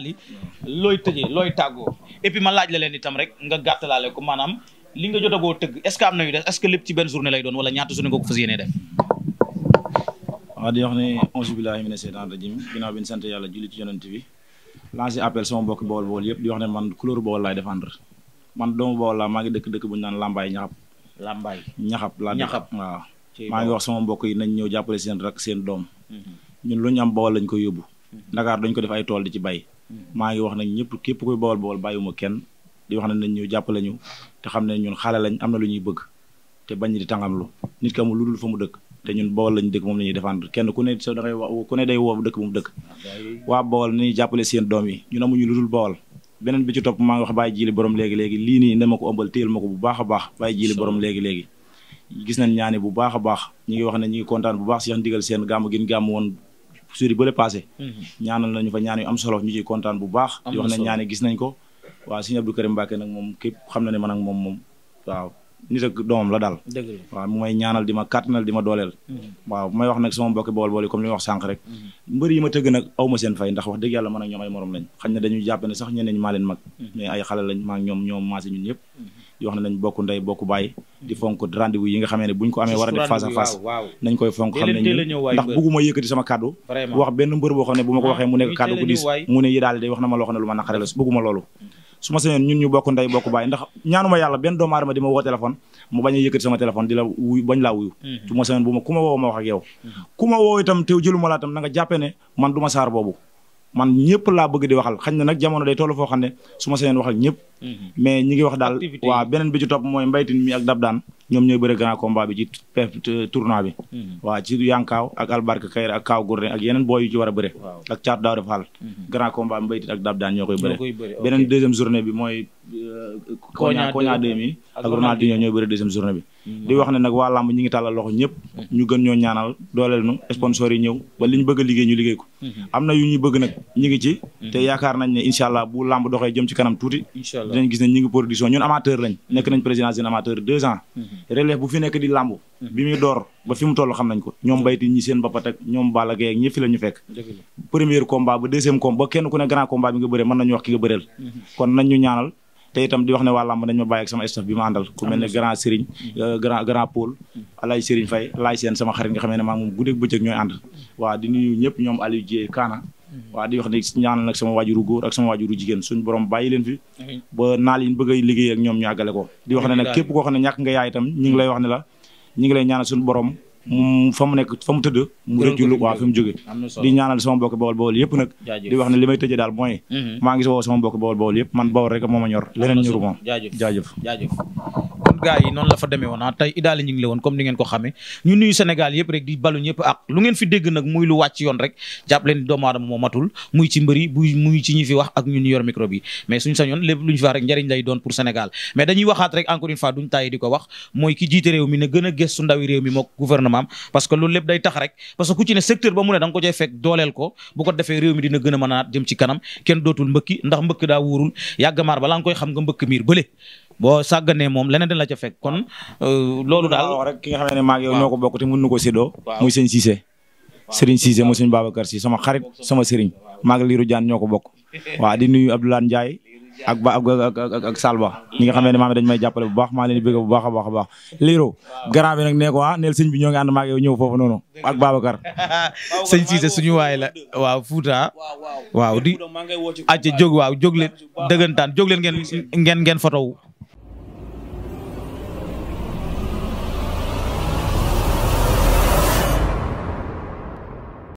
Saly looy tëjee looy tàggoo et puis ma laaj la leen itam rek nga gàttalaale ko maanaam li nga jotagoo tëgg est ce que am ce que lépp ci benn journée lay doon wala ñaata journée nga ko fas yéenee def. waaw wax ne auzu billaahi mina seytaani rajim ginnaaw bi ñu sant yàlla julli ci yonent bi lancé appel sama mbokk Bawol Bawol yëpp di wax ne man couleur Bawol laay défendre man doomu Bawol laa maa ngi dëkk dëkk bu ñu naan Lambaay Ñaxab. Lambaay Ñaxab laa Ñaxab waaw. maa ngi wax sama mbokk yi nañ ñëw jàppale seen rak seen doom mhm. ñun lu ñu am Bawol lañ ko yóbbu mhm. Ndakaar dañ ko def ay tool di ci bay maa ngi wax nañ ñëpp képp kuy bawal bawal bàyyiwuma kenn di wax ne nañ ñu jàppale ñu te xam ne ñun xale lañ am na lu ñuy bëgg te bañ di lu nit ka mu lu dul fa mu dëkk te ñun bawal lañ dëkk moom la ñuy défendre kenn ku ne sa da ngay wax ne day woo dëkk bu mu dëkk waa bawal nañuy jàppale seen doom yi ñun amuñu lu dul bawal beneen bi ci topp maa ngi wax bàyyi jili borom léegi-léegi lii nii ne ma ko ëmbal ko bu baax a baax bàyyi jili borom léegi-léegi gis nañ ñaani bu baax a baax ñi ngi wax ne ñi ngi kontaan bu baax si yax ndigal seen gàmm gin gàmm woon su yi bële passé mhm. ñaanal nañu fa ñaan yu am solo ñu ciy kontaan bu baax di wax ne ñaani gis nañ ko waaw sëñ Abdou Karim Mbacke nag moom képp xam na ne man ak moom moom waaw nit ak doomam la daal waaw mu may ñaanal di ma kàttanal di ma dooleel mhm. waaw bu may wax nag sama mbokki bool bool yi comme li ma wax sànq rek mhm. mbëri yi ma tëgg nag aw ma seen fay ndax wax dëgg yàlla man ak ñoom ay morom lañ xañ na dañuy jàpp ne sax ñeneen ñi maa leen mag mais ay xale lañ maa ñoom ñoom maasé ñun yoo xam ne nañ bokk ndey bokk bàyyi di fonk rendez yi nga xamee ne buñ ko amee war a def face nañ koy fonk xam ne ñun ñu bokk ndey bokk bàyyi ndax ñaanuma yàlla benn doomu di ma woo téléphone mu bañ a yëkkati sama téléphone di bañ laa wuyu mhm. su ma sañoon bu ku ma woo ma wax ak yow mhm. ku ma woo itam teew jëlu laa itam na nga ne man du saar boobu man ñëpp laa bëgg di waxal xañ na nag jamono day toll foo xam ne su ma seen waxal ñëpp. Mhm. mais ñi ngi wax daal waaw beneen bi ci topp mooy mbaytin mi ak dab ñoom ñooy bëre grand combat bi ci tournoi bi. Mhm. waaw ci yankaaw ak albarka kayra ak kaaw gurne ak yeneen booy yu ci war a bëre. ak caatu daaw dafa xaal. Mhm. grand combat mbaytin ak dab daan ñoo koy bëre. beneen deuxième bi mooy Koña Koña 2000 ak Ronaldinho ñooy bëri journée bi mm. di wax ne nag waa làmb ñi ngi tàllal loxo ñëpp mm. ñu gën ñoo ñaanal dooleel nu sponsor yi ñëw ba li bëgg a liggéey ñu liggéey ko mm-hmm. am na yu ñuy mm-hmm. nañ ne production ñun amateur lañ nekk nañ présidence din amateur deux ans mm-hmm. relève bu fi nekk di làmb bi muy door ba fi mu toll xam nañ ko ñoom bayti ñi seen bappat ñoom Balla Gaye fi la fekk premier combat ba deuxième combat ba kenn ku ne grand combat bi te itam di wax ne waa làmb dañ ma bàyyi ak sama staff bi ma àndal ku mel ne grand Serigne mm. euh, grand a Paul alaaj Serigne Faye alaaj seen sama xarit nga xamee ne maa moom guddeeg bëccëg ñooy ànd waa di nuyu ñëpp ñoom Kaana mm. waa di wax ne ñaanal nag sama waajuru góor ak sama waajuru jigéen suñ borom bàyyi leen fi ba naal yi bëgg a liggéey ak ñoom ñu ko di wax ne nag képp koo xam ne ñakk nga yaay itam ñu ngi lay wax ne la ñu ngi lay ñaanal suñu borom mu fa mu nekk fa mu tëdd mu rëjul waaw fi mu jóge di ñaanal sama mbokk bawol bawol yëpp nag di wax ne li may tëjee daal mooy mhm. maa ngi si woo sama mbokk bawol bawol yëpp man bawol rek moo ma ñor leneen ñuru moom gaa yi noonu la fa demee woon ah tey idaali ñu ngi la woon comme ni ngeen ko xamee ñu nuyu Sénégal yëpp rek di balu ñëpp ak lu ngeen fi dégg nag muy lu wàcc yoon rek jàpp leen doomu aadama moo matul muy ci mbëri muy ci ñi fi wax ak ñun ñu yor micro mais suñ sañoon lépp lu fi wax rek njëriñ lay doon pour Sénégal mais dañuy waxaat rek encore une fois duñ tàyyi di ko wax mooy ki jiite réew mi ne gën a gëstu ndawi réew mi mook gouvernement am parce que loolu lépp a mën a jëm ci kanam kenn dootul mbëkki ndax mbëkk daa maar balaa nga koy xam nga boo sàgganee moom leneen la ca fek kon euh, loolu daal rek ki nga xam ne maag yow ñoo ko bokk te mën nu ko séddoo muy sëñ Cissé sëriñ Cissé muy sëñ Babacar Si sama xarit sama sëriñ maag liiru jaan ñoo ko bokk waaw di nuyu Abdoulaye Ndiaye ak ba ak ak ak Salba ñi nga xam ne maam dañ may jàppale bu baax maa leen di bu baax a baax a baax liiru grand bi nag nee ko ah neel sëñ bi ñoo ngi ànd maag yow ñëw foofu noonu ak Babacar sëñ Cissé suñu waay la waaw Fouta waaw di acca jóg waaw jóg leen dëggantaan jóg leen ngeen ngeen ngeen fotow